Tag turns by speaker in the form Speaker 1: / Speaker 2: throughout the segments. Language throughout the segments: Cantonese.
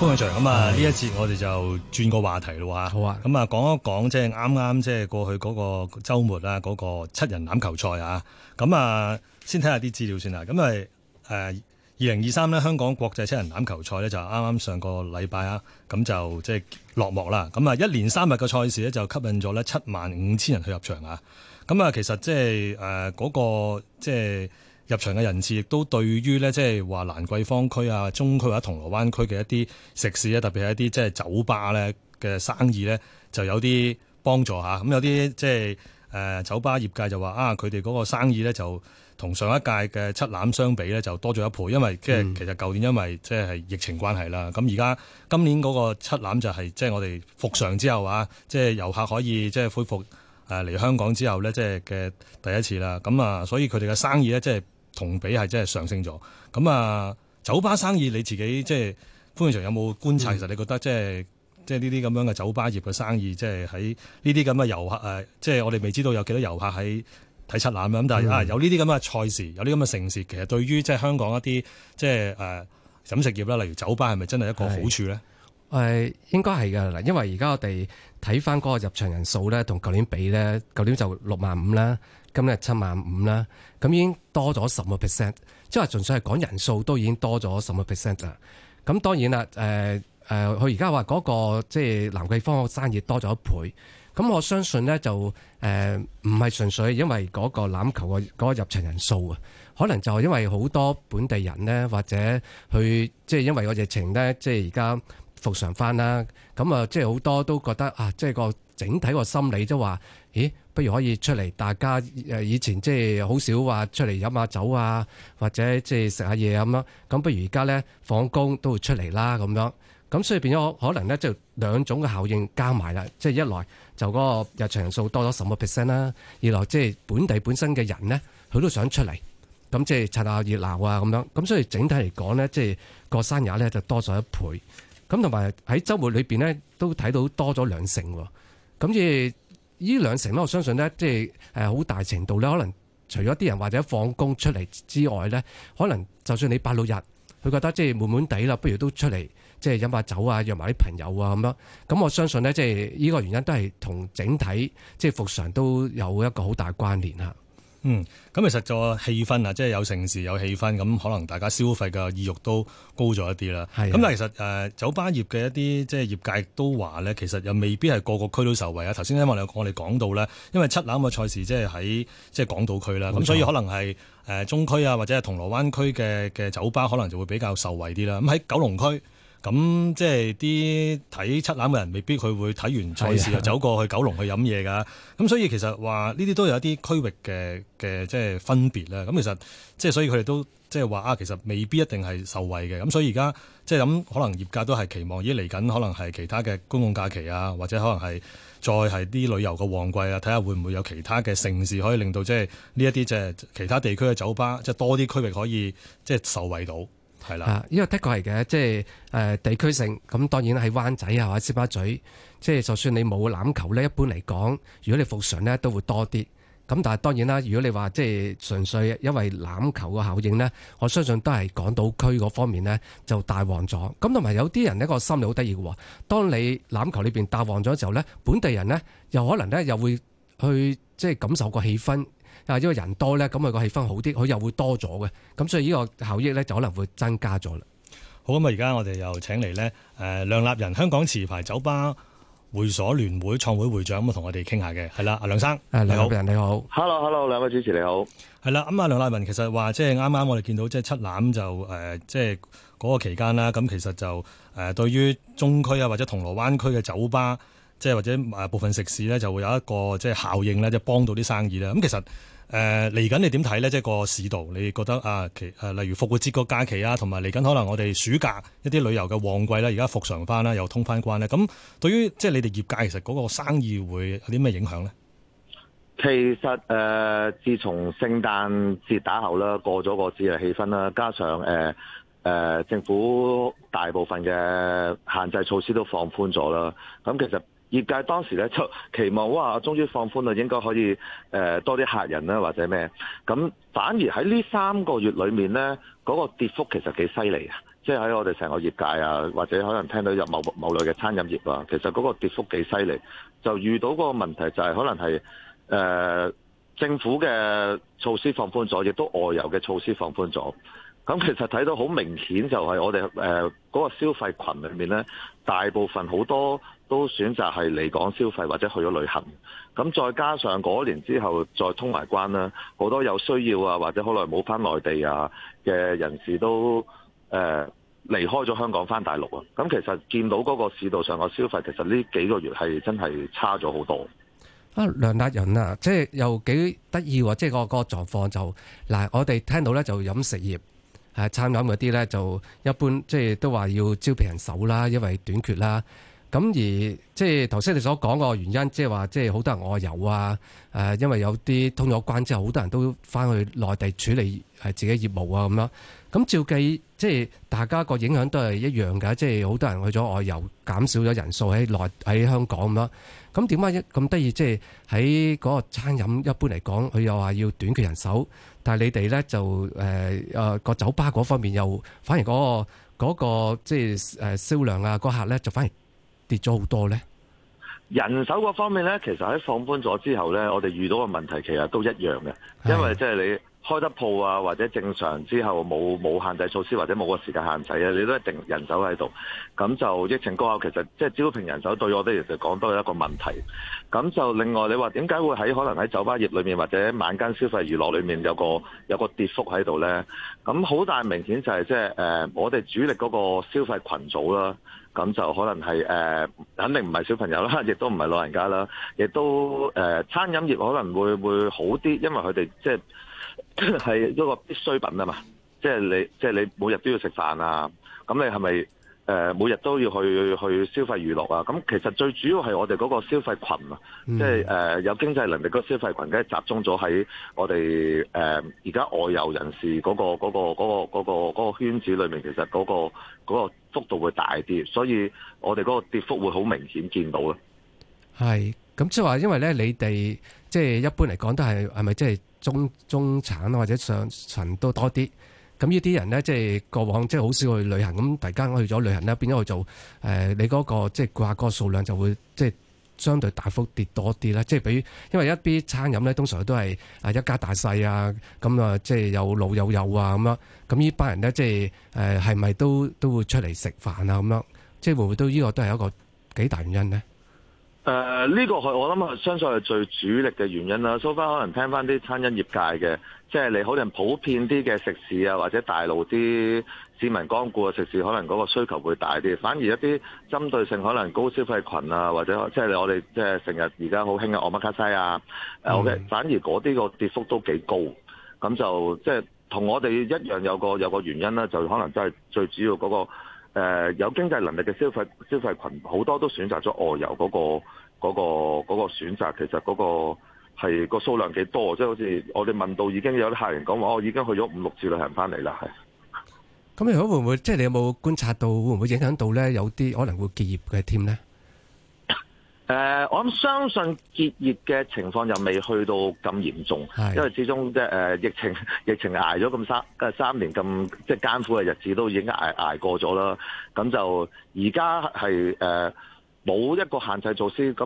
Speaker 1: 咁啊呢一節我哋就轉個話題啦，吓，好啊，咁啊講一講即係啱啱即係過去嗰個周末啦，嗰、那個七人欖球賽啊，咁啊先睇下啲資料先啊，咁啊，誒二零二三呢，2023, 香港國際七人欖球賽咧就啱啱上個禮拜啊，咁就即係、就是、落幕啦，咁啊一連三日嘅賽事咧就吸引咗咧七萬五千人去入場啊，咁啊其實、呃那個、即係誒嗰個即係。入場嘅人士亦都對於咧，即係話蘭桂坊區啊、中區或者銅鑼灣區嘅一啲食肆咧，特別係一啲即係酒吧咧嘅生意咧，就有啲幫助嚇。咁有啲即係誒酒吧業界就話啊，佢哋嗰個生意咧就同上一屆嘅七欖相比咧，就多咗一倍，因為即係其實舊年因為即係疫情關係啦。咁而家今年嗰個七欖就係即係我哋復常之後啊，即係遊客可以即係恢復誒嚟香港之後咧，即係嘅第一次啦。咁啊，所以佢哋嘅生意咧，即係同比係真係上升咗，咁啊酒吧生意你自己即係潘偉祥有冇觀察、嗯？其實你覺得即係即係呢啲咁樣嘅酒吧業嘅生意，即係喺呢啲咁嘅遊客誒，即係我哋未知道有幾多遊客喺睇七欖啦。咁但係啊有呢啲咁嘅賽事，嗯、有啲咁嘅盛事，其實對於即係香港一啲即係誒、呃、飲食業啦，例如酒吧係咪真係一個好處咧？誒、呃、應該係㗎嗱，
Speaker 2: 因為而家我哋睇翻嗰個入場人數咧，同舊年比咧，舊年就六萬五啦。今日七萬五啦，咁已經多咗十個 percent，即係話純粹係講人數，都已經多咗十個 percent 啦。咁當然啦，誒、呃、誒，佢而家話嗰個即係、就是、蘭桂坊生意多咗一倍，咁我相信咧就誒唔係純粹因為嗰個欖球嘅嗰個入場人數啊，可能就係因為好多本地人咧或者去即係因為個疫情咧，即係而家復常返啦，咁啊即係好多都覺得啊，即、就、係、是、個整體個心理都話，咦？不如可以出嚟，大家誒以前即係好少話出嚟飲下酒啊，或者即係食下嘢咁啦。咁不如而家咧放工都會出嚟啦，咁樣咁所以變咗可能咧，就兩種嘅效應加埋啦。即係一來就嗰個日常人數多咗十個 percent 啦，二來即係本地本身嘅人咧，佢都想出嚟，咁即係湊下熱鬧啊咁樣。咁所以整體嚟講咧，即係個生日咧就多咗一倍，咁同埋喺週末裏邊咧都睇到多咗兩成喎。咁即係。呢兩成咧，我相信咧，即係好大程度咧，可能除咗啲人或者放工出嚟之外咧，可能就算你八六日，佢覺得即係悶悶地啦，不如都出嚟即係飲下酒啊，約埋啲朋友啊咁樣。咁我相信咧，即係呢個原因都係同整體即係復常都有一個好大關聯啊。
Speaker 1: 嗯，咁其實就氣氛啊，即係有成市有氣氛，咁可能大家消費嘅意欲都高咗一啲啦。咁但其實誒、呃、酒吧業嘅一啲即係業界都話咧，其實又未必係個個區都受惠啊。頭先因為我我哋講到咧，因為七欖嘅賽事即係喺即係港島區啦，咁所以可能係誒中區啊或者係銅鑼灣區嘅嘅酒吧可能就會比較受惠啲啦。咁喺九龍區。咁即係啲睇七欖嘅人，未必佢會睇完賽事就走過去九龍去飲嘢㗎。咁所以其實話呢啲都有一啲區域嘅嘅即係分別啦。咁其實即係、就是、所以佢哋都即係話啊，其實未必一定係受惠嘅。咁所以而家即係諗可能業界都係期望而嚟緊可能係其他嘅公共假期啊，或者可能係再係啲旅遊嘅旺季啊，睇下會唔會有其他嘅盛事可以令到即係呢一啲即係其他地區嘅酒吧，即、就、係、是、多啲區域可以即係、就是、受惠到。係啦，呢個的確係
Speaker 2: 嘅，即係誒地區性。咁當然喺灣仔啊、或者尖沙咀，即係就算你冇欖球咧，一般嚟講，如果你復常咧，都會多啲。咁但係當然啦，如果你話即係純粹因為欖球嘅效應咧，我相信都係港島區嗰方面咧就大旺咗。咁同埋有啲人呢個心理好得意嘅，當你欖球裏邊大旺咗之後咧，本地人咧又可能咧又會去即係感受個氣氛。啊，因為人多咧，
Speaker 1: 咁啊個氣氛好啲，佢又會多咗嘅，咁所以呢個效益咧就可能會增加咗啦。好，咁啊，而家我哋又請嚟咧，誒、呃、梁立仁，香港持牌酒吧會所聯會創會會長，咁啊，同我哋傾下嘅，係啦，阿梁生，誒梁立仁你好
Speaker 3: ，Hello，Hello，兩位主持你好，
Speaker 1: 係啦，咁啊、嗯，梁立仁其實話即係啱啱我哋見到即係七欖就誒，即係嗰、呃、個期間啦，咁其實就誒、呃、對於中區啊或者銅鑼灣區嘅酒吧。即係或者部分食肆咧就會有一個即係效應咧，即係幫到啲生意啦。咁其實誒嚟緊你點睇咧？即係個市道，你覺得啊？其誒例如復活節個假期啊，同埋嚟緊可能我哋暑假一啲旅遊嘅旺季咧，而家復常翻啦，又通翻關咧。咁對於即係你哋業界，其實嗰個生意會有啲咩影響咧？
Speaker 3: 其實誒，自從聖誕節打後啦，過咗個節日氣氛啦，加上誒誒政府大部分嘅限制措施都放寬咗啦，咁其實。業界當時咧就期望話，終於放寬啦，應該可以誒、呃、多啲客人啦，或者咩咁。反而喺呢三個月裏面咧，嗰、嗰個跌幅其實幾犀利啊！即係喺我哋成個業界啊，或者可能聽到有某某類嘅餐飲業啊，其實嗰個跌幅幾犀利。就遇到嗰個問題就係可能係、呃、政府嘅措施放寬咗，亦都外遊嘅措施放寬咗。咁其實睇到好明顯就係我哋誒嗰個消費群裏面呢，大部分好多都選擇係離港消費或者去咗旅行。咁再加上嗰年之後再通埋關啦，好多有需要啊或者好耐冇翻內地啊嘅人士都誒離開咗香港翻大陸啊。咁其實見到嗰個市道上嘅消費，其實呢幾個月係真係差咗好多。
Speaker 2: 啊，梁立仁啊，即係又幾得意喎！即係、嗰個、嗰個狀況就嗱，我哋聽到呢就飲食業。餐飲嗰啲咧，就一般即係都話要招聘人手啦，因為短缺啦。咁而即係頭先你所講個原因，即係話即係好多人外遊啊。誒，因為有啲通咗關之後，好多人都翻去內地處理自己業務啊咁樣。咁照計，即係大家個影響都係一樣㗎。即係好多人去咗外遊，減少咗人數喺內喺香港咁樣。咁點解咁得意？即係喺嗰個餐飲一般嚟講，佢又話要短缺人手。但係你哋咧就，誒啊個酒吧嗰方面又反而嗰、嗰個即係誒銷量啊嗰客咧就反而跌咗好多咧。
Speaker 3: 人手嗰方面咧，其實喺放寬咗之後咧，我哋遇到嘅問題其實都一樣嘅，因為即係你。開得鋪啊，或者正常之後冇冇限制措施，或者冇個時間限制啊，你都一定人手喺度。咁就疫情過後，其實即係招聘人手對我哋其實講都係一個問題。咁就另外你話點解會喺可能喺酒吧業裏面或者晚間消費娛樂裏面有個有個跌幅喺度呢？咁好大明顯就係即係誒，我哋主力嗰個消費群組啦。咁就可能係誒、呃，肯定唔係小朋友啦，亦都唔係老人家啦，亦都誒、呃、餐飲業可能會會好啲，因為佢哋即係。就是係 一個必需品啊嘛，即係你，即係你每日都要食飯啊。咁你係咪誒每日都要去去消費娛樂啊？咁其實最主要係我哋嗰個消費群啊，嗯，即係誒有經濟能力個消費群，梗係集中咗喺我哋誒而家外遊人士嗰，嗰個，嗰個，嗰個，嗰個，嗰個圈子裏面，其實嗰，嗰個，嗰個幅度會大啲，所以我哋嗰個跌幅會好明顯見到咯。
Speaker 2: 係，咁即係話，因為咧你哋即係一般嚟講都係係咪即係？是不是就是中中產或者上層都多啲，咁呢啲人咧即係過往即係好少去旅行，咁突然間去咗旅行咧，變咗去做誒、呃，你嗰、那個即係掛嗰個數量就會即係、就是、相對大幅跌多啲啦。即係比如因為一啲餐飲咧，通常都係一家大細啊，咁啊即係、就是、有老有幼啊咁樣，咁、啊啊、呢班人咧即係誒係咪都都會出嚟食飯啊咁樣，即、啊、係、就是、會唔會都呢個都係一個幾大原因咧？
Speaker 4: 誒、
Speaker 3: 呃，呢，這個係我諗係相信係最主力嘅原因啦。收、so、翻，可能聽翻啲餐飲業界嘅，即、就、係、是、你好似普遍啲嘅食肆啊，或者大路啲市民光顧嘅食肆，可能嗰個需求會大啲。反而一啲針對性可能高消費群啊，或者即係、就是、我哋即係成日而家好興嘅奧馬卡西啊，誒、mm.，OK，呃、反而嗰啲個跌幅都幾高。咁就即係同我哋一樣有個有個原因啦、啊，就可能真係最主要嗰、那個。誒有經濟能力嘅消費消費群，好多都選擇咗外遊嗰、那個嗰、那個嗰、那個、選擇，其實嗰、那個係、那個數量幾多，即、就、係、是、好似我哋問到已經有啲客人講話，我、哦、已經去咗五六次旅行翻嚟啦，係。
Speaker 2: 咁如果會唔會即係你有冇、就是、觀察到會唔會影響到咧？有啲可能會結業嘅添咧？
Speaker 3: 誒、呃，我諗相信結業嘅情況又未去到咁嚴重，因為始終即係、呃、疫情，疫情捱咗咁三誒三年咁即係艱苦嘅日子都已經捱捱過咗啦。咁就而家係誒冇一個限制措施，咁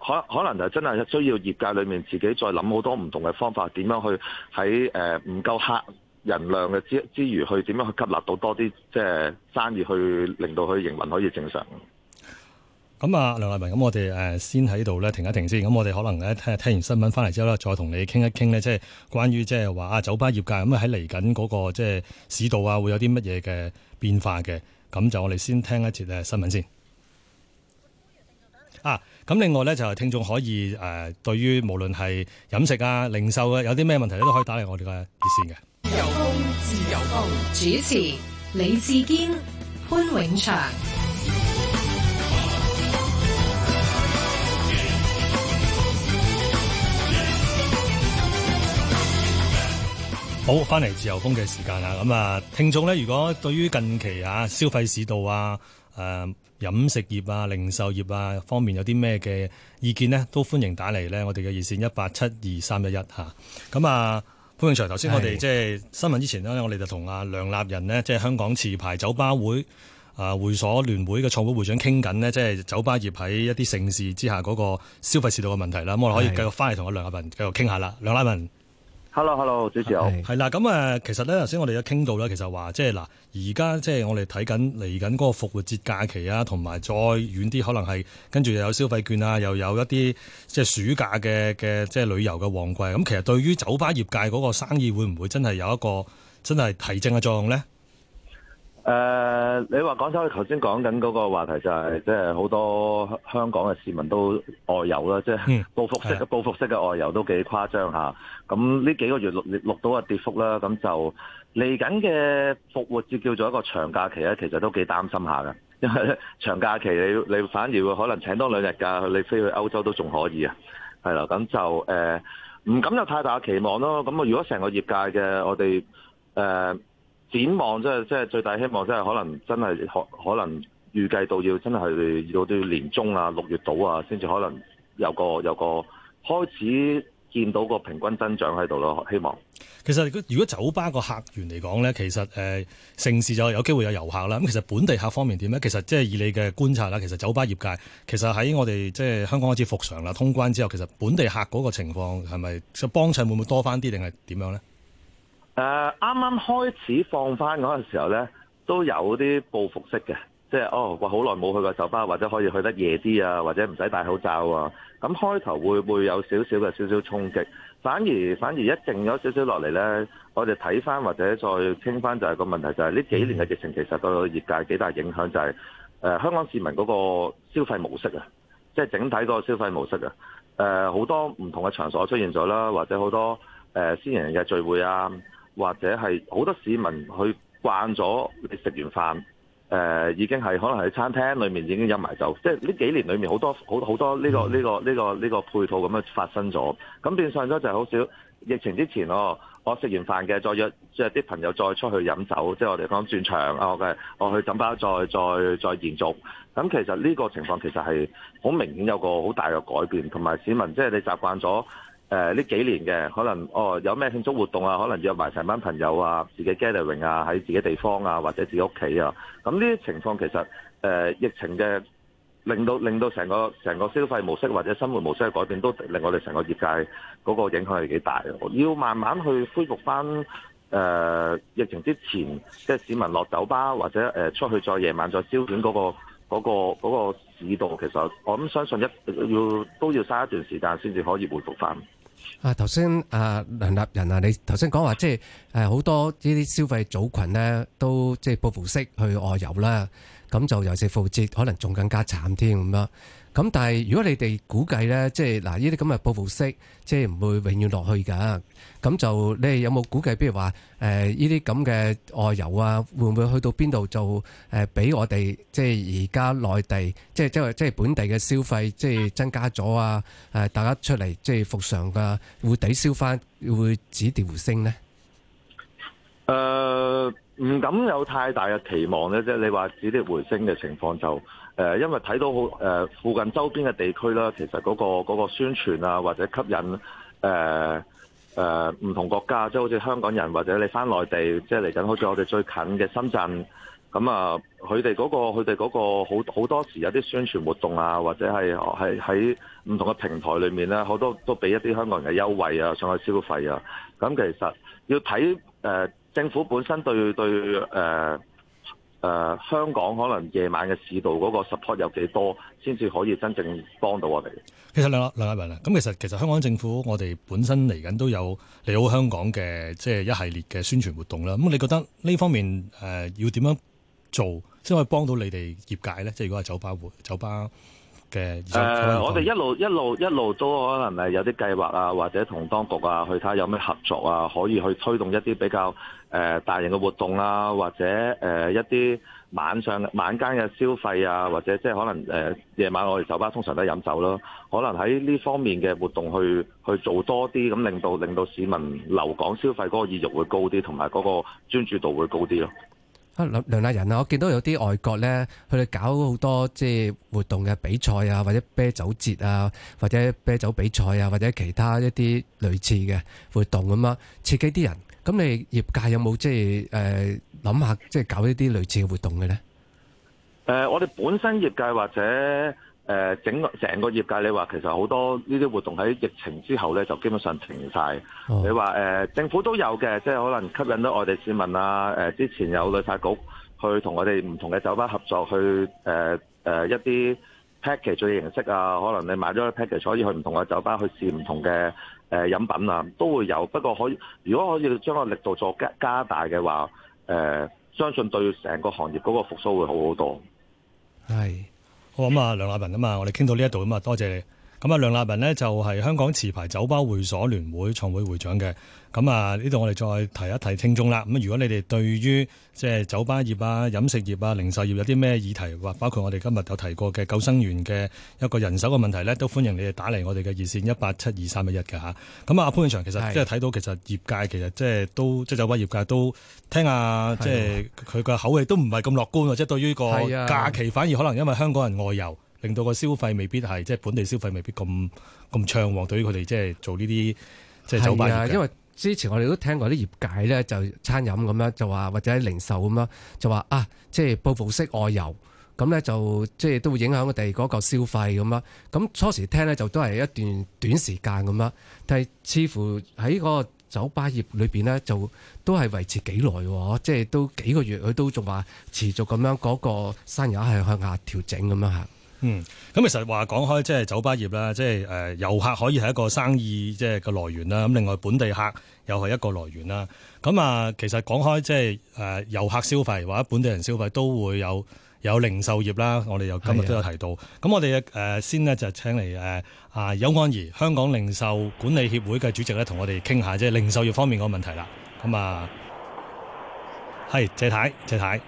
Speaker 3: 啊，可可能就真係需要業界裏面自己再諗好多唔同嘅方法，點樣去喺誒唔夠客人量嘅之之餘，去點樣去吸納到多啲即係生意去，去令到佢營運可以正常。
Speaker 1: 咁啊，梁立仁，咁我哋誒先喺度咧停一停先。咁我哋可能咧聽聽完新聞翻嚟之後咧，再同你傾一傾咧，即係關於即係話酒吧業界咁喺嚟緊嗰個即係、就是、市道啊，會有啲乜嘢嘅變化嘅。咁就我哋先聽一節誒新聞先。啊，咁另外咧就聽眾可以誒，對、呃、於無論係飲食啊、零售啊，有啲咩問題咧，都可以打嚟我哋嘅熱線嘅。自由風，自由風主持李志堅、潘永祥。好，翻嚟自由風嘅時間啊！咁啊，聽眾呢，如果對於近期啊消費市道啊，誒、呃、飲食業啊、零售業啊方面有啲咩嘅意見呢，都歡迎打嚟呢我哋嘅熱線一八七二三一一吓。咁啊，潘永祥，頭先我哋即係新聞之前呢，我哋就同阿梁立仁呢，即係香港持牌酒吧會啊會所聯會嘅創會會長傾緊呢，即係酒吧業喺一啲盛事之下嗰個消費市道嘅問題啦。咁我哋可以繼續翻嚟同阿梁立仁繼續傾下啦，梁立仁。hello hello 主持好係啦咁誒，其實咧頭先我哋都傾到咧，其實話即係嗱，而家即係我哋睇緊嚟緊嗰個復活節假期啊，同埋再遠啲可能係跟住又有消費券啊，又有一啲即係暑假嘅嘅即係旅遊嘅旺季。咁其實對於酒吧業界嗰個生意會唔會真係有一個真係提振嘅作用咧？
Speaker 3: 誒、uh，你話講咗，去頭先講緊嗰個話題就係、是，即係好多香港嘅市民都外遊啦，即、就、係、是、報復式嘅報復式嘅外遊都幾誇張吓。咁呢幾個月錄到嘅跌幅啦，咁就嚟緊嘅復活節叫做一個長假期咧，其實都幾擔心下㗎，因為長假期你你反而會可能請多兩日噶，你飛去歐洲都仲可以啊。係啦，咁就誒唔、uh, 敢有太大嘅期望咯。咁啊，如果成個業界嘅我哋誒。Uh, 展望即係即係最大希望，即係可能真係可可能預計到要真係到到年中啊六月度啊，先至可能有個有個開始見到個平均增長喺度咯。希望
Speaker 1: 其實如果酒吧個客源嚟講咧，其實誒、呃、城市就有機會有遊客啦。咁其實本地客方面點咧？其實即係以你嘅觀察啦，其實酒吧業界其實喺我哋即係香港開始復常啦，通關之後，其實本地客嗰個情況係咪想幫襯會唔會多翻啲定係點樣咧？
Speaker 3: 誒啱啱開始放返嗰陣時候呢，都有啲報復式嘅，即係哦，我好耐冇去過酒吧，或者可以去得夜啲啊，或者唔使戴口罩啊。咁開頭會唔會有少少嘅少少衝擊？反而反而一靜咗少少落嚟呢。我哋睇翻或者再傾翻就係個問題、就係，就係呢幾年嘅疫情其實對業界幾大影響、就係，就係誒香港市民嗰個消費模式啊，即係整體個消費模式啊。誒好多唔同嘅場所出現咗啦，或者好多誒、呃、私人嘅聚會啊。或者係好多市民去慣咗，你食完飯誒、呃、已經係可能係喺餐廳裏面已經飲埋酒，即係呢幾年裏面好多好好多呢個、呢個、呢個、呢個配套咁樣發生咗，咁變相咗就係好少疫情之前我我食完飯嘅再約即係啲朋友再出去飲酒，即係我哋講轉場啊，我、okay，嘅我去酒吧再再再延續，咁其實呢個情況其實係好明顯有個好大嘅改變，同埋市民即係你習慣咗。誒、呃、呢幾年嘅可能哦，有咩慶祝活動啊？可能約埋成班朋友啊，自己 gathering 啊，喺自己地方啊，或者自己屋企啊。咁呢啲情況其實誒、呃、疫情嘅令到令到成個成個消費模式或者生活模式嘅改變，都令我哋成個業界嗰個影響係幾大。要慢慢去恢復翻誒、呃、疫情之前，即係市民落酒吧或者誒出去再夜晚再消遣嗰、那個嗰、那個嗰、那個那個市道。其實我諗相信一要都要嘥一段時間先至可以恢復翻。
Speaker 2: 啊，頭先啊梁立仁啊，你頭先講話即係誒好多呢啲消費組群咧，都即係報復式去外遊啦。咁就尤其是復活節，可能仲更加慘添咁樣。咁但係如果你哋估計咧，即係嗱，呢啲咁嘅報復式，即係唔會永遠落去㗎。咁就你哋有冇估計？譬如話，誒呢啲咁嘅外遊啊，會唔會去到邊度做？誒俾我哋即係而家內地，即係即係即係本地嘅消費，即係增加咗啊！誒大家出嚟即係復常啊，會抵消翻，會止跌回升咧？
Speaker 3: 誒、呃，唔敢有太大嘅期望咧，即係你話止跌回升嘅情況就誒、呃，因為睇到好誒、呃，附近周邊嘅地區啦，其實嗰、嗰個、嗰個宣傳啊，或者吸引誒誒唔同國家，即、就、係、係、好似香港人或者你翻內地，即係嚟緊好似我哋最近嘅深圳。咁啊、那個，佢哋嗰個佢哋嗰個好好多時有啲宣傳活動啊，或者係係喺唔同嘅平台裏面咧，好多都俾一啲香港人嘅優惠啊，上去消費啊。咁其實要睇誒、呃、政府本身對對誒誒、呃呃、香港可能夜晚嘅市道嗰個 support 有幾多，先至可以真正幫到我哋。
Speaker 1: 其實兩梁亞文啊，咁其實其實香港政府我哋本身嚟緊都有利好香港嘅即係一系列嘅宣傳活動啦。咁你覺得呢方面誒、呃、要點樣。做即可以幫到你哋業界咧，即係如果係酒吧活、酒吧嘅、呃。我哋
Speaker 3: 一路一路一路都可能係有啲計劃啊，或者同當局啊去睇下有咩合作啊，可以去推動一啲比較誒、呃、大型嘅活動啊，或者誒、呃、一啲晚上晚間嘅消費啊，或者即係可能誒夜、呃、晚我哋酒吧通常都係飲酒咯，可能喺呢方面嘅活動去去做多啲，咁令到令到市民留港消費嗰個意欲會高啲，同埋嗰個專注度會高啲咯。
Speaker 2: 梁梁立仁，啊，我見到有啲外國咧，佢哋搞好多即係活動嘅比賽啊，或者啤酒節啊，或者啤酒比賽啊，或者其他一啲類似嘅活動咁啦，刺激啲人。咁你業界有冇即係誒諗下即係搞一啲類似嘅活動嘅咧？
Speaker 3: 誒、呃，我哋本身業界或者。誒整成個業界，你話其實好多呢啲活動喺疫情之後咧，就基本上停晒。Oh. 你話誒、呃、政府都有嘅，即係可能吸引到外地市民啊。誒、呃、之前有旅發局去我同我哋唔同嘅酒吧合作，去誒誒、呃呃、一啲 package 嘅形式啊。可能你買咗 package，所以去唔同嘅酒吧去試唔同嘅誒、呃、飲品啊，都會有。不過可以，如果可以將個力度做加加大嘅話，誒、呃、相信對成個行業嗰個復甦會好好多。
Speaker 1: 係。我咁啊，梁立仁啊嘛，我哋傾到呢一度啊嘛，多謝你。咁啊，梁立仁呢，就係、是、香港持牌酒吧會所聯會創會會長嘅。咁啊，呢度我哋再提一提聽眾啦。咁如果你哋對於即係酒吧業啊、飲食業啊、零售業有啲咩議題，或包括我哋今日有提過嘅救生員嘅一個人手嘅問題呢，都歡迎你哋打嚟我哋嘅熱線一八七二三一一嘅吓。咁啊，潘永祥其實即係睇到，其實業界其實即係都即係、就是、酒吧業界都聽下，即係佢個口氣都唔係咁樂觀，即、就、者、是、對於個假期反而可能因為香港人外遊。令到個消費未必係即係本地消費，未必咁咁暢旺。對。對於佢哋即係做呢啲即係酒吧業。係啊，因為之前我哋都聽過啲
Speaker 2: 業界咧，就餐飲咁樣就話，或者零售咁樣就話啊，即係報復式外遊咁咧，就即係都會影響我哋嗰個消費咁啦。咁初時聽咧就都係一段短時間咁啦，但係似乎喺嗰個酒吧業裏邊咧，就都係維持幾耐喎，即係都幾個月佢都仲話持續咁樣嗰個生意係向下調整咁樣。
Speaker 1: 嗯，咁其實話講開，即係酒吧業啦，即係誒遊客可以係一個生意即係個來源啦。咁另外本地客又係一個來源啦。咁啊，其實講開即係誒遊客消費或者本地人消費都會有有零售業啦。我哋又今日都有提到。咁我哋誒先呢，就請嚟誒啊邱安儀，香港零售管理協會嘅主席咧，同我哋傾下即係零售業方面個問題啦。咁啊，係謝太，謝太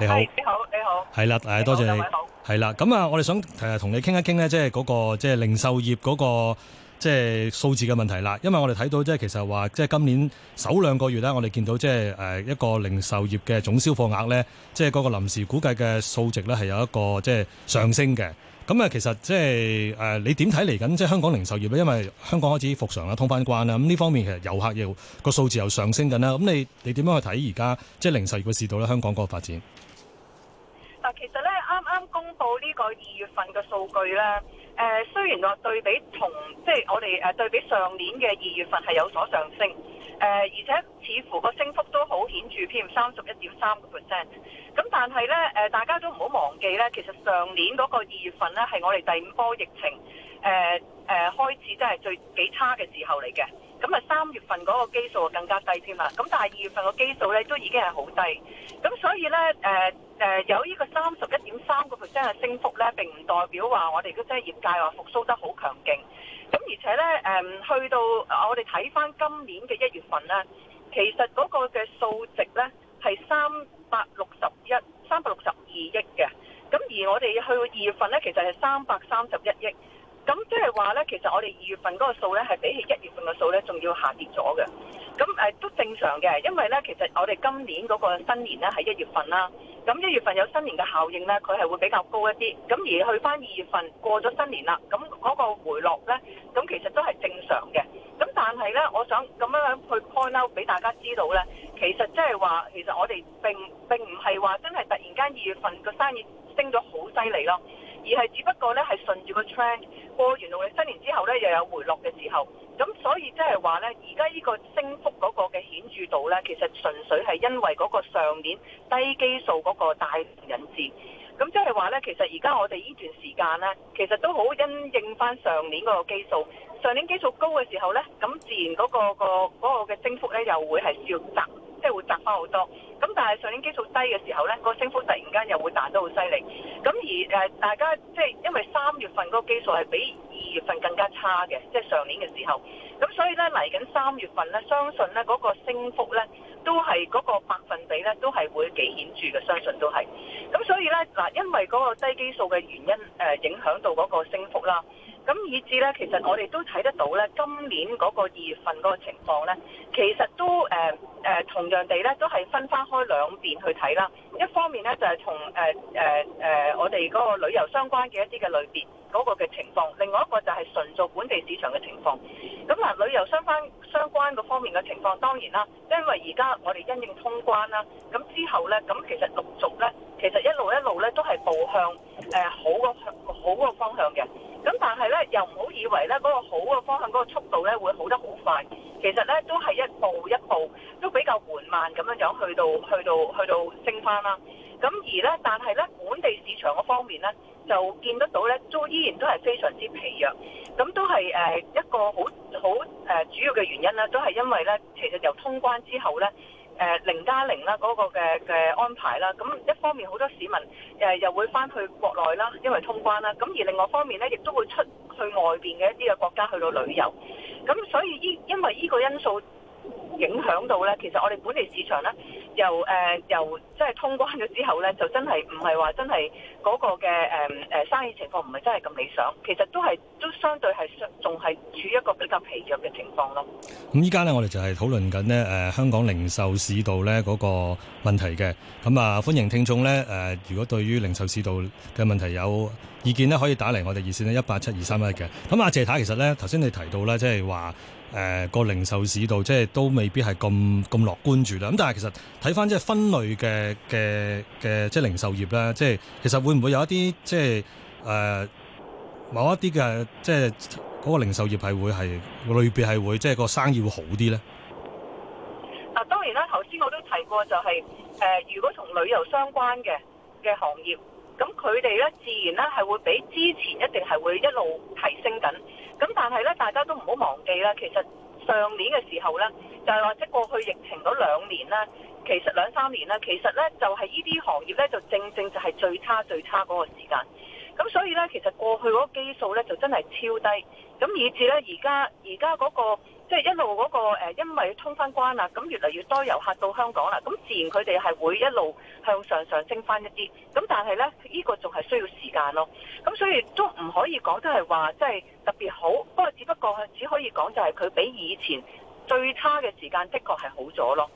Speaker 1: 你好，你好你好，係啦，誒多謝你。係啦，咁啊，我哋想誒同你傾一傾咧，即係嗰個即係零售業嗰個即係數字嘅問題啦。因為我哋睇到即係其實話，即係今年首兩個月咧，我哋見到即係誒一個零售業嘅總銷貨額咧，即係嗰個臨時估計嘅數值咧，係有一個即係上升嘅。咁啊，其實即係誒你點睇嚟緊？即係香港零售業咧，因為香港開始復常啦，通翻關啦。咁呢方面其實遊客又個數字又上升緊啦。咁你你點樣去睇而家即係零售業嘅市道咧？香港嗰個發展？嗱，
Speaker 4: 其實咧，公布呢個二月份嘅數據呢，誒、呃、雖然話對比同即係、就是、我哋誒對比上年嘅二月份係有所上升，誒、呃、而且似乎個升幅都好顯著，偏三十一點三個 percent。咁但係呢，誒、呃，大家都唔好忘記呢，其實上年嗰個二月份呢，係我哋第五波疫情誒誒、呃呃、開始即係最幾差嘅時候嚟嘅。咁啊，三月份嗰個基數更加低添啦，咁但係二月份個基數咧都已經係好低，咁所以咧，誒誒有呢個三十一點三個 percent 嘅升幅咧，並唔代表話我哋都即係業界話復甦得好強勁，咁而且咧，誒去到我哋睇翻今年嘅一月份咧，其實嗰個嘅數值咧係三百六十一、三百六十二億嘅，咁而我哋去到二月份咧，其實係三百三十一億。咁即係話呢，其實我哋二月份嗰個數呢，係比起一月份嘅數呢，仲要下跌咗嘅。咁誒都正常嘅，因為呢，其實我哋今年嗰個新年呢，係一月份啦。咁一月份有新年嘅效應呢，佢係會比較高一啲。咁而去翻二月份過咗新年啦，咁嗰個回落呢，咁其實都係正常嘅。咁但係呢，我想咁樣樣去 point out 俾大家知道呢，其實即係話，其實我哋並並唔係話真係突然間二月份個生意升咗好犀利咯。而係只不過咧，係順住個 trend，過完農曆新年之後咧又有回落嘅時候，咁所以即係話咧，而家呢個升幅嗰個嘅顯著度咧，其實純粹係因為嗰個上年低基數嗰個大引致，咁即係話咧，其實而家我哋呢段時間咧，其實都好因應翻上年嗰個基數，上年基數高嘅時候咧，咁自然嗰、嗰個、嗰個嗰、嗰個嘅、嗰個、升幅咧又會係收窄。即係會砸翻好多，咁但係上年基數低嘅時候咧，嗰個升幅突然間又會彈得好犀利。咁而誒大家即係因為三月份嗰個基數係比二月份更加差嘅，即係上年嘅時候。咁所以咧嚟緊三月份咧，相信咧嗰個升幅咧都係嗰個百分比咧都係會幾顯著嘅，相信都係。咁所以咧嗱，因為嗰個低基數嘅原因誒，影響到嗰個升幅啦。咁以至咧，其實我哋都睇得到咧，今年嗰個二月份嗰個情況咧，其實都、呃呃、同樣地咧，都係分返開兩邊去睇啦。一方面咧就係同誒誒誒我哋嗰個旅遊相關嘅一啲嘅類別嗰個嘅情況，另外一個就係純做本地市場嘅情況。咁嗱、呃，旅遊相關相關嗰方面嘅情況，當然啦，因為而家我哋因應通關啦，咁之後咧，咁其實陸續咧，其實一路一路咧都係步向、
Speaker 2: 呃、好
Speaker 4: 向好個方向嘅。咁但係咧，又唔好以為咧嗰個好嘅方向嗰個速度咧會好得好快，其實咧都係一步一步，都比較緩慢咁樣樣去到去到去到升返啦。咁而咧，但係咧本地市場嗰方面咧，就見得到咧，都依然都係非常之疲弱。咁都係誒一個好好誒主要嘅原因啦，都係因為咧，其實由通關之後咧。誒零加零啦，嗰個嘅嘅安排啦，咁一方面好多市民誒、呃、又會翻去國內啦，因為通關啦，咁而另外方面咧，亦都會出去外邊嘅一啲嘅國家去到旅遊。咁所以依因為呢個因素。影響到咧，其實我哋本地市場咧，又誒由即係、呃、通關咗之後咧，就真係唔係話真係嗰個嘅、呃、生意情況唔係真係咁理想，其實都係都相對係仲係處於一個比較疲弱嘅情況咯。
Speaker 1: 咁依家咧，我哋就係討論緊呢香港零售市道咧嗰個問題嘅。咁啊，歡迎聽眾咧、呃、如果對於零售市道嘅問題有意見咧，可以打嚟我哋熱線一八七二三一嘅。咁啊，謝太，其實咧頭先你提到咧，即係話。誒、呃、個零售市道，即係都未必係咁咁樂觀住啦。咁但係其實睇翻即係分類嘅嘅嘅即係零售業啦，即係其實會唔會有一啲即係誒、呃、某一啲嘅即係嗰、那個零售業係會係類別係會即係、那個生意會好啲咧？嗱、啊，當然
Speaker 4: 啦，頭先我都提過、就是，就係誒如果同旅遊相關嘅嘅行業。咁佢哋呢，自然呢係會比之前一定係會一路提升緊。咁但係呢，大家都唔好忘記啦。其實上年嘅時候呢，就係話即過去疫情嗰兩年啦，其實兩三年啦，其實呢就係呢啲行業呢，就正正就係最差最差嗰個時間。咁所以呢，其實過去嗰個基數呢，就真係超低，咁以至呢，而家而家嗰個。即係一路嗰個誒，因為通翻關啦，咁越嚟越多遊客到香港啦，咁自然佢哋係會一路向上上升翻一啲。咁但係咧，呢個仲係需要時間咯。咁所以都唔可以講都係話，即係特別好。不過只不過只可以講就係佢比以前最差嘅時間的確係好咗咯。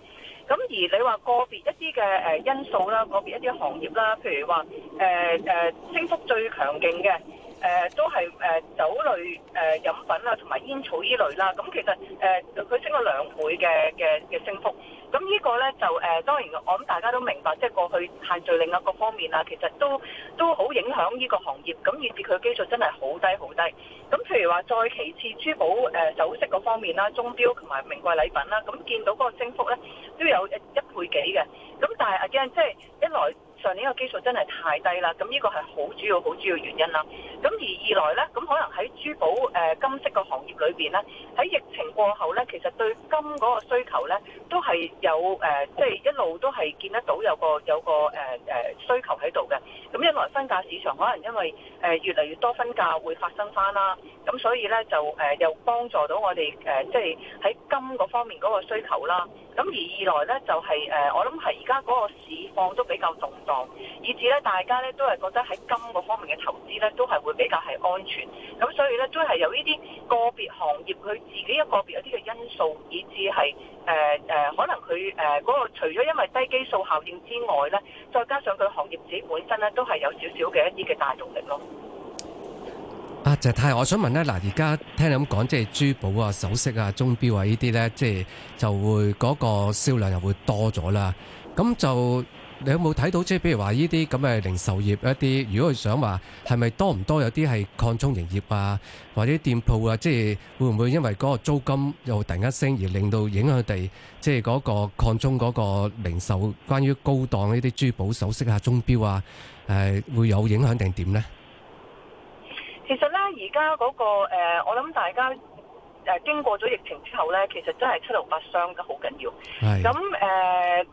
Speaker 4: 咁而你話個別一啲嘅誒因素啦，個別一啲行業啦，譬如話誒誒升幅最強勁嘅。誒、呃、都係誒酒類誒飲品啦，同埋煙草依類啦。咁其實誒佢、呃、升咗兩倍嘅嘅嘅升幅。咁呢個咧就誒、呃、當然我諗大家都明白，即、就、係、是、過去限聚令啊各方面啊，其實都都好影響呢個行業。咁以至佢嘅基數真係好低好低。咁譬如話再其次，珠寶誒、呃、首飾嗰方面啦，鐘錶同埋名貴禮品啦，咁見到嗰個升幅咧，都有一倍幾嘅。咁但係阿即係一來。上年這個基數真係太低啦，咁呢個係好主要、好主要原因啦。咁而二來呢，咁可能喺珠寶誒金飾個行業裏邊呢，喺疫情過後呢，其實對金嗰個需求呢，都係有誒，即係一路都係見得到有個有個誒誒需求喺度嘅。咁一來分價市場可能因為越嚟越多分價會發生翻啦，咁所以咧就又幫助到我哋即係喺金嗰方面嗰個需求啦。咁而二來咧就係我諗係而家嗰個市況都比較動盪，以至咧大家咧都係覺得喺金嗰方面嘅投資咧都係會比較係安全。咁所以咧都係由呢啲個別行業佢自己一個別有啲嘅因素，以至係、呃呃、可能佢嗰個除咗因為低基數效應之外咧，再加上佢行業自己本身咧都，係
Speaker 2: 有少少嘅一啲嘅大動力咯。啊，謝太，我想問咧，嗱，而家聽你咁講，即係珠寶啊、首飾啊、鐘錶啊呢啲咧，即係就會嗰個銷量又會多咗啦。咁就你有冇睇到？即係譬如話呢啲咁嘅零售業一啲，如果佢想話係咪多唔多有啲係擴充營業啊，或者店鋪啊，即係會唔會因為嗰個租金又突然間升而令到影響佢哋，即係嗰個擴充嗰個零售關於高檔呢啲珠寶、首飾啊、鐘錶啊？誒、呃，會有影響定點呢？
Speaker 4: 其實呢，而家嗰個誒、呃，我諗大家誒、呃，經過咗疫情之後呢，其實真係七老八傷都好緊要。咁誒誒，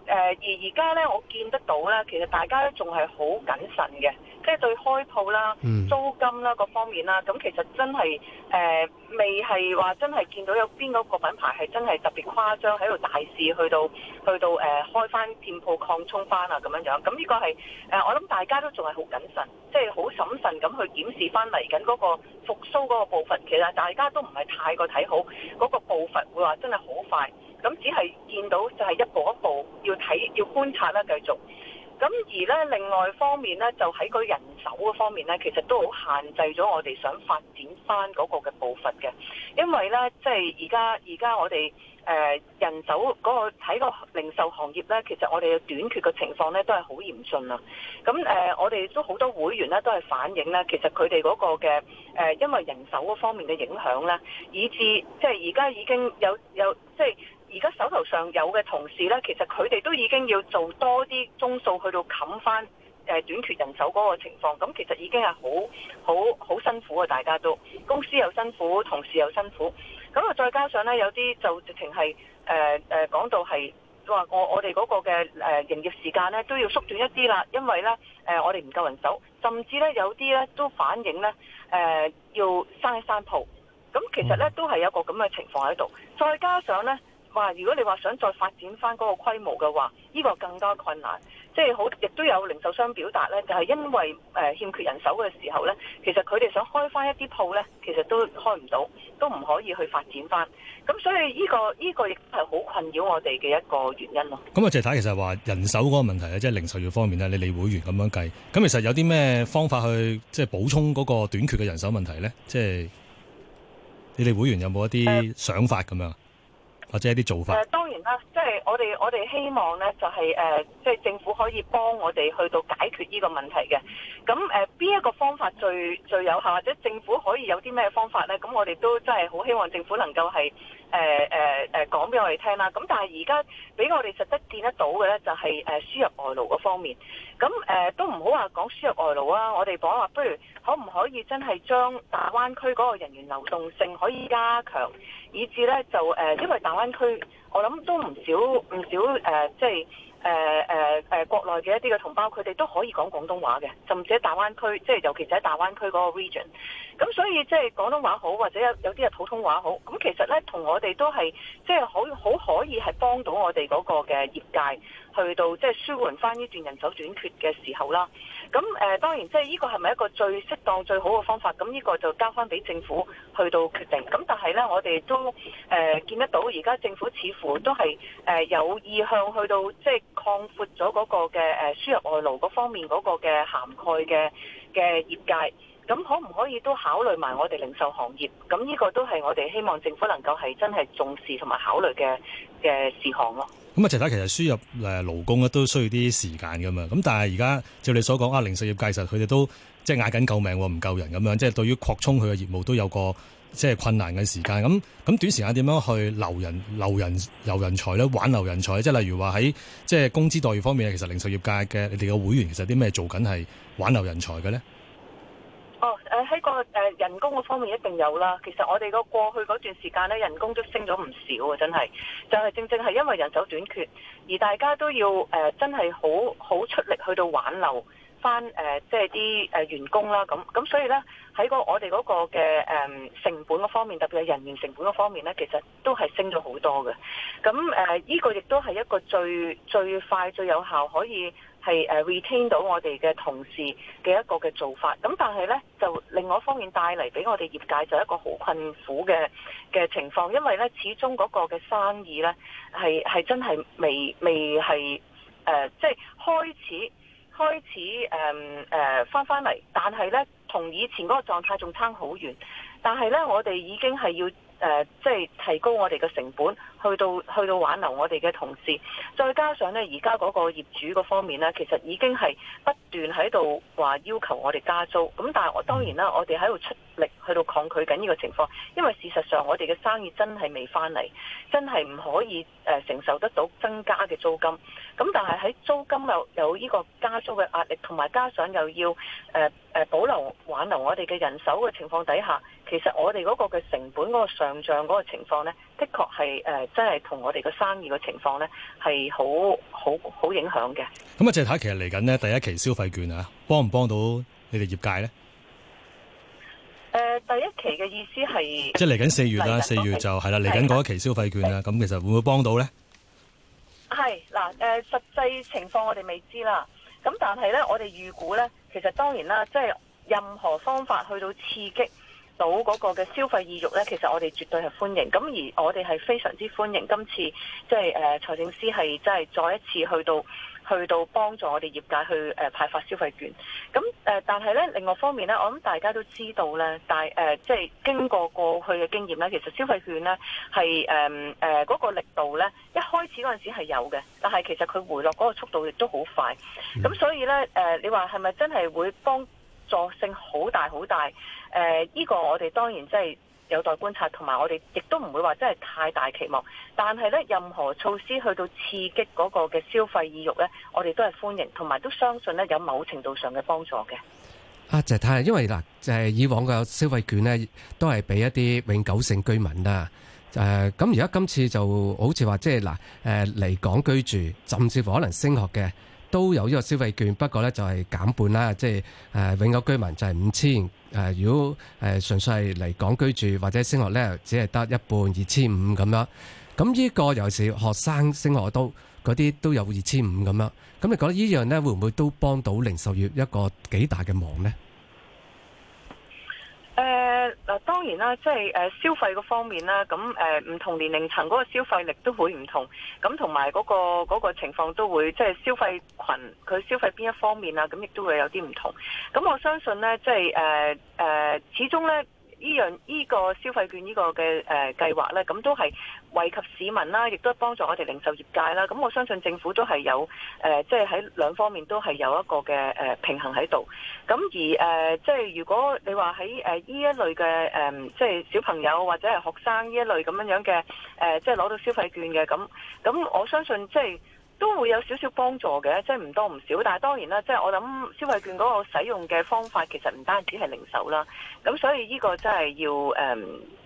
Speaker 4: 而而家呢，我見得到呢，其實大家都仲係好謹慎嘅。即係對開鋪啦、租金啦嗰方面啦，咁其實真係誒、呃、未係話真係見到有邊嗰個品牌係真係特別誇張喺度大肆去到去到誒、呃、開翻店鋪擴充翻啊咁樣樣，咁呢個係誒、呃、我諗大家都仲係好謹慎，即係好審慎咁去檢視翻嚟緊嗰個復蘇嗰個步伐，其實大家都唔係太過睇好嗰、嗰個步伐會話真係好快，咁只係見到就係一步一步要睇要觀察啦，繼續。咁而咧，另外方面咧，就喺個人手嘅方面咧，其實都好限制咗我哋想發展翻嗰個嘅步伐嘅，因為咧，即係而家而家我哋人手嗰個喺個零售行業咧，其實我哋嘅短缺嘅情況咧都係好嚴峻啊！咁我哋都好多會員咧都係反映咧，其實佢哋嗰個嘅因為人手嗰方面嘅影響咧，以致即係而家已經有有即係。即係而家手頭上有嘅同事呢，其實佢哋都已經要做多啲鐘數，去到冚翻誒短缺人手嗰個情況。咁其實已經係好好好辛苦啊！大家都公司又辛苦，同事又辛苦。咁啊，再加上呢，有啲就直情係誒誒講到係話我我哋嗰個嘅誒、呃、營業時間呢都要縮短一啲啦，因為呢誒、呃、我哋唔夠人手，甚至呢有啲呢都反映呢誒、呃、要閂一閂鋪。咁其實呢都係有一個咁嘅情況喺度，再加上呢。話如果你話想再發展翻嗰個規模嘅話，呢個更加困難。即係好，亦都有零售商表達呢，就係因為誒欠缺人手嘅時候呢，其實佢哋想開翻一啲鋪呢，其實都開唔到，都唔可以去發展翻。咁所以呢個呢個亦係好困擾我哋嘅一個原
Speaker 2: 因咯。
Speaker 1: 咁啊，謝太其實話人手嗰個問題即係零售業方面呢，你哋會員咁樣計，咁其實有啲咩方法去即係補充嗰個短缺嘅人手問題呢？即係你哋會員有冇一啲想法咁樣？嗯或者一啲做法，呃、
Speaker 4: 當然啦，即係我哋我哋希望呢，就係、是、誒，即、呃、係、就是、政府可以幫我哋去到解決呢個問題嘅。咁誒，邊、呃、一個方法最最有效，或者政府可以有啲咩方法呢？咁我哋都真係好希望政府能夠係誒誒講俾我哋聽啦。咁但係而家俾我哋實質見得到嘅呢，就係輸入外勞嗰方面。咁誒、呃、都唔好話講輸入外勞啊，我哋講話不如，可唔可以真係將大灣區嗰個人員流動性可以加強，以至呢，就誒，因為大灣區我諗都唔少唔少誒，即係誒誒國內嘅一啲嘅同胞，佢哋都可以講廣東話嘅，甚至喺大灣區，即係尤其喺大灣區嗰個 region，咁所以即係廣東話好，或者有啲係普通話好，咁其實呢，同我哋都係即係好好可以係幫到我哋嗰個嘅業界去到即係舒緩翻呢段人手短缺嘅時候啦。咁誒當然，即係呢個係咪一個最適當最好嘅方法？咁呢個就交翻俾政府去到決定。咁但係呢，我哋都誒見得到而家政府似乎都係誒有意向去到即係擴闊咗嗰個嘅誒輸入外勞嗰方面嗰個嘅涵蓋嘅嘅業界。咁可唔可以都考慮埋我哋零售行業？咁呢個都係我哋希望政府能夠係真係重視同埋考慮嘅嘅事項咯。
Speaker 1: 咁啊，其他其實輸入誒勞工咧都需要啲時間嘅嘛。咁但係而家照你所講啊，零售業界其實佢哋都即係嗌緊救命，唔夠人咁樣，即係對於擴充佢嘅業務都有個即係困難嘅時間。咁咁短時間點樣去留人留人留人才咧？挽留人才即係例如話喺即係工資待遇方面啊，其實零售業界嘅你哋嘅會員其實啲咩做緊係挽留人才嘅咧？
Speaker 4: 喺個誒人工嘅方面一定有啦。其實我哋個過去嗰段時間咧，人工都升咗唔少啊！真係，就係、是、正正係因為人手短缺，而大家都要誒、呃、真係好好出力去到挽留翻誒即係啲誒員工啦。咁咁所以咧喺、嗰個我哋嗰個嘅誒成本嘅方面，特別係人員成本嘅方面咧，其實都係升咗好多嘅。咁誒呢個亦都係一個最最快最有效可以，係誒 retain 到我哋嘅同事嘅一個嘅做法，咁但係呢，就另外一方面帶嚟俾我哋業界就一個好困苦嘅嘅情況，因為呢，始終嗰個嘅生意呢，係係真係未未係誒即係開始開始誒誒翻翻嚟，但係呢，同以前嗰個狀態仲差好遠，但係呢，我哋已經係要。誒，即係提高我哋嘅成本，去到去到挽留我哋嘅同事，再加上呢，而家嗰個業主個方面呢，其實已經係不斷喺度話要求我哋加租。咁但係我當然啦，我哋喺度出力去到抗拒緊呢個情況，因為事實上我哋嘅生意真係未返嚟，真係唔可以誒承受得到增加嘅租金。咁但係喺租金有有呢個加租嘅壓力，同埋加上又要誒誒保留挽留我哋嘅人手嘅情況底下。其實我哋嗰個嘅成本嗰個上漲嗰個情況呢，的確係誒，真係同我哋嘅生意嘅情況呢，係好好好影響嘅。
Speaker 1: 咁啊，謝太，其實嚟緊呢第一期消費券啊，幫唔幫到你哋業界呢？
Speaker 4: 第一期嘅，啊呃、意思係即係嚟緊四月啊，四月就係啦，嚟緊嗰一
Speaker 1: 期消費券啊，咁其實會唔會幫到呢？
Speaker 4: 係嗱，誒、呃，實際情況我哋未知啦。咁但係呢，我哋預估呢，其實當然啦，即、就、係、是、任何方法去到刺激。到、那、嗰個嘅消費意欲咧，其實我哋絕對係歡迎。咁而我哋係非常之歡迎今次、就是，即係誒財政司係即係再一次去到去到幫助我哋業界去誒派、呃、發消費券。咁誒、呃，但係咧另外方面咧，我諗大家都知道咧，但誒即係經過過去嘅經驗咧，其實消費券咧係誒誒嗰個力度咧，一開始嗰陣時係有嘅，但係其實佢回落嗰個速度亦都好快。咁所以咧誒、呃，你話係咪真係會幫？個性好大好大，誒、呃，依、這個我哋當然真係有待觀察，同埋我哋亦都唔會話真係太大期望。但係呢，任何措施去到刺激嗰個嘅消費意欲呢，我哋都係歡迎，同埋都相信呢有某程度上嘅幫助嘅。
Speaker 2: 啊，謝太，因為嗱，就、呃、係、呃、以往嘅消費券呢，都係俾一啲永久性居民啦。誒、呃，咁而家今次就好似話，即係嗱，誒、呃、嚟港居住，甚至乎可能升學嘅。都有呢個消費券，不過呢就係減半啦，即、就、係、是、永久居民就係五千，如果純粹係嚟港居住或者升學呢，只係得一半二千五咁樣。咁呢、呢個尤其是學生升學都嗰啲都有二千五咁樣。咁你覺得呢樣呢，會唔會都幫到零售業一個幾大嘅忙呢？
Speaker 4: 嗱，當然啦，即係誒消費嘅方面啦，咁誒唔同年齡層嗰個消費力都會唔同，咁同埋嗰個情況都會，即係消費群佢消費邊一方面啊，咁亦都會有啲唔同，咁我相信咧，即係誒誒，始終咧。呢樣呢個消費券呢個嘅誒計劃呢，咁都係惠及市民啦，亦都是幫助我哋零售業界啦。咁我相信政府都係有誒，即係喺兩方面都係有一個嘅誒平衡喺度。咁而誒，即係如果你話喺誒呢一類嘅誒，即係小朋友或者係學生呢一類咁樣樣嘅誒，即係攞到消費券嘅咁，咁我相信即係，都會有少少幫助嘅，即係唔多唔少。但係當然啦，即係我諗消費券嗰個使用嘅方法其實唔單止係零售啦。咁所以呢個真係要誒、呃，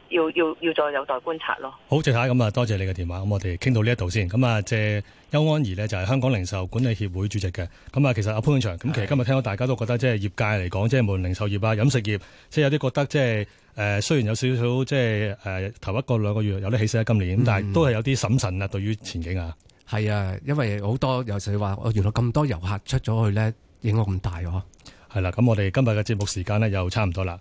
Speaker 4: 要要要再有待觀察
Speaker 1: 咯。好，謝曬咁啊！多謝你嘅電話。咁我哋傾到呢一度先。咁啊，謝邱安儀呢，就係、是、香港零售管理協會主席嘅。咁啊，其實阿潘永祥咁，其實今日聽到大家都覺得，即係業界嚟講，即係無論零售業啊、飲食業，即係有啲覺得，即係誒、呃，雖然有少少即係誒、呃，頭一個兩個月有啲起色，喺今年，咁、嗯、但係都係有啲審慎啊，對於前景啊。係啊，因為好多有時話，我原來咁多遊客出咗去咧，影響咁大喎。呵。係啦，咁我哋今日嘅節目時間呢，又差唔多啦。